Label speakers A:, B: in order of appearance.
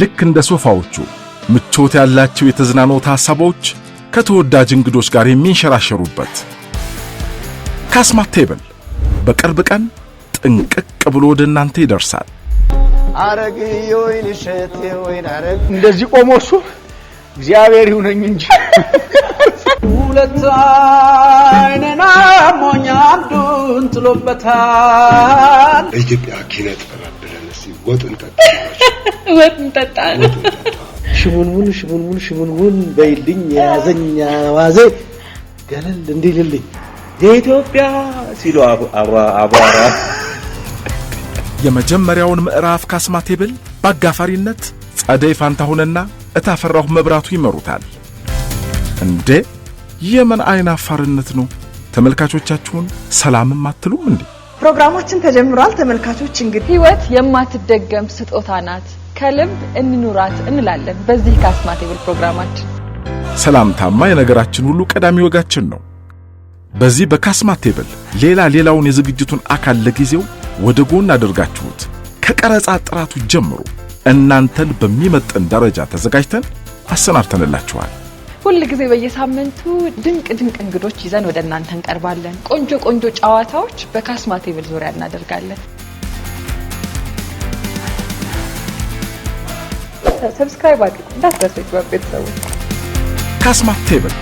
A: ልክ እንደ ሶፋዎቹ ምቾት ያላቸው የተዝናኖት ሐሳቦች ከተወዳጅ እንግዶች ጋር የሚንሸራሸሩበት ካስማት ቴብል በቅርብ ቀን ጥንቅቅ ብሎ ወደ እናንተ ይደርሳል። አረግ
B: ወይን እሸቴ አረግ እንደዚህ ቆሞ እሱ እግዚአብሔር ይሁነኝ እንጂ
C: ሁለት ተጥሎበታል።
D: በኢትዮጵያ ኪነ ጥበብ ብለን ወጥ እንጠጣ ወጥ እንጠጣ
E: ሽሙንሙን ሽሙንሙን በይልኝ የያዘኝ አዋዜ ገለል እንዲልልኝ የኢትዮጵያ ሲሉ አቧራ
A: የመጀመሪያውን ምዕራፍ ካስማ ቴብል በአጋፋሪነት ጸደይ ፋንታሁንና እታፈራሁ መብራቱ ይመሩታል። እንዴ የምን አይን አፋርነት ነው! ተመልካቾቻችሁን ሰላምም አትሉም እንዴ?
F: ፕሮግራማችን ተጀምሯል። ተመልካቾች እንግዲህ
G: ህይወት የማትደገም ስጦታ ናት፣ ከልብ እንኑራት እንላለን። በዚህ ካስማ ቴብል ፕሮግራማችን
A: ሰላምታማ የነገራችን ሁሉ ቀዳሚ ወጋችን ነው። በዚህ በካስማ ቴብል ሌላ ሌላውን የዝግጅቱን አካል ለጊዜው ወደ ጎን አድርጋችሁት ከቀረጻ ጥራቱ ጀምሮ እናንተን በሚመጥን ደረጃ ተዘጋጅተን አሰናድተንላችኋል።
G: ሁል ጊዜ በየሳምንቱ ድንቅ ድንቅ እንግዶች ይዘን ወደ እናንተ እንቀርባለን። ቆንጆ ቆንጆ ጨዋታዎች በካስማ ቴብል ዙሪያ እናደርጋለን። ሰብስክራይብ አድርጉ እንዳትረሱ ቤተሰቡ። ካስማ ቴብል